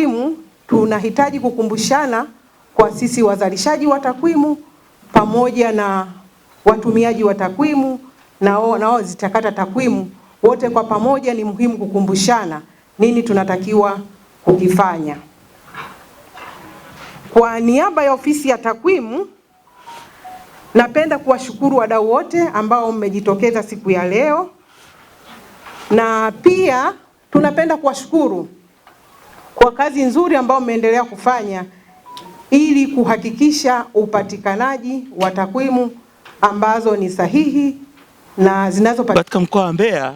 Takwimu tunahitaji kukumbushana kwa sisi wazalishaji wa takwimu pamoja na watumiaji wa takwimu na nao zitakata takwimu, wote kwa pamoja ni muhimu kukumbushana nini tunatakiwa kukifanya. Kwa niaba ya ofisi ya takwimu, napenda kuwashukuru wadau wote ambao mmejitokeza siku ya leo, na pia tunapenda kuwashukuru kwa kazi nzuri ambayo mmeendelea kufanya ili kuhakikisha upatikanaji wa takwimu ambazo ni sahihi na zinazopatikana katika mkoa wa Mbeya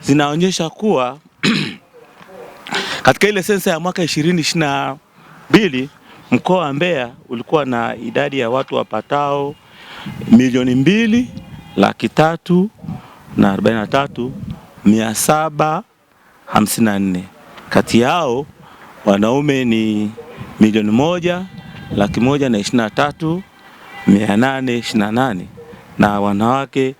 zinaonyesha kuwa katika ile sensa ya mwaka 2022 mkoa wa Mbeya ulikuwa na idadi ya watu wapatao milioni mbili laki tatu na arobaini na tatu mia saba hamsini na nne kati yao wanaume ni milioni moja laki moja na ishirini na tatu mia nane ishirini na nane na wanawake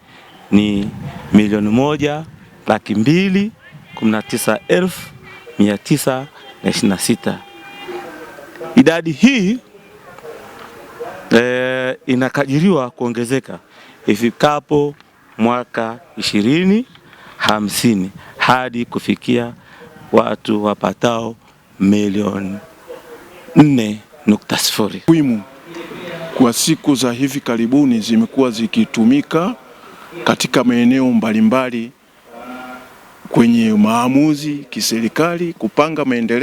ni milioni moja laki mbili kumi na tisa elfu mia tisa na ishirini na sita. Idadi hii e, inakadiriwa kuongezeka ifikapo mwaka ishirini hamsini hadi kufikia watu wapatao milioni sifuri. Takwimu kwa siku za hivi karibuni zimekuwa zikitumika katika maeneo mbalimbali kwenye maamuzi kiserikali kupanga maendeleo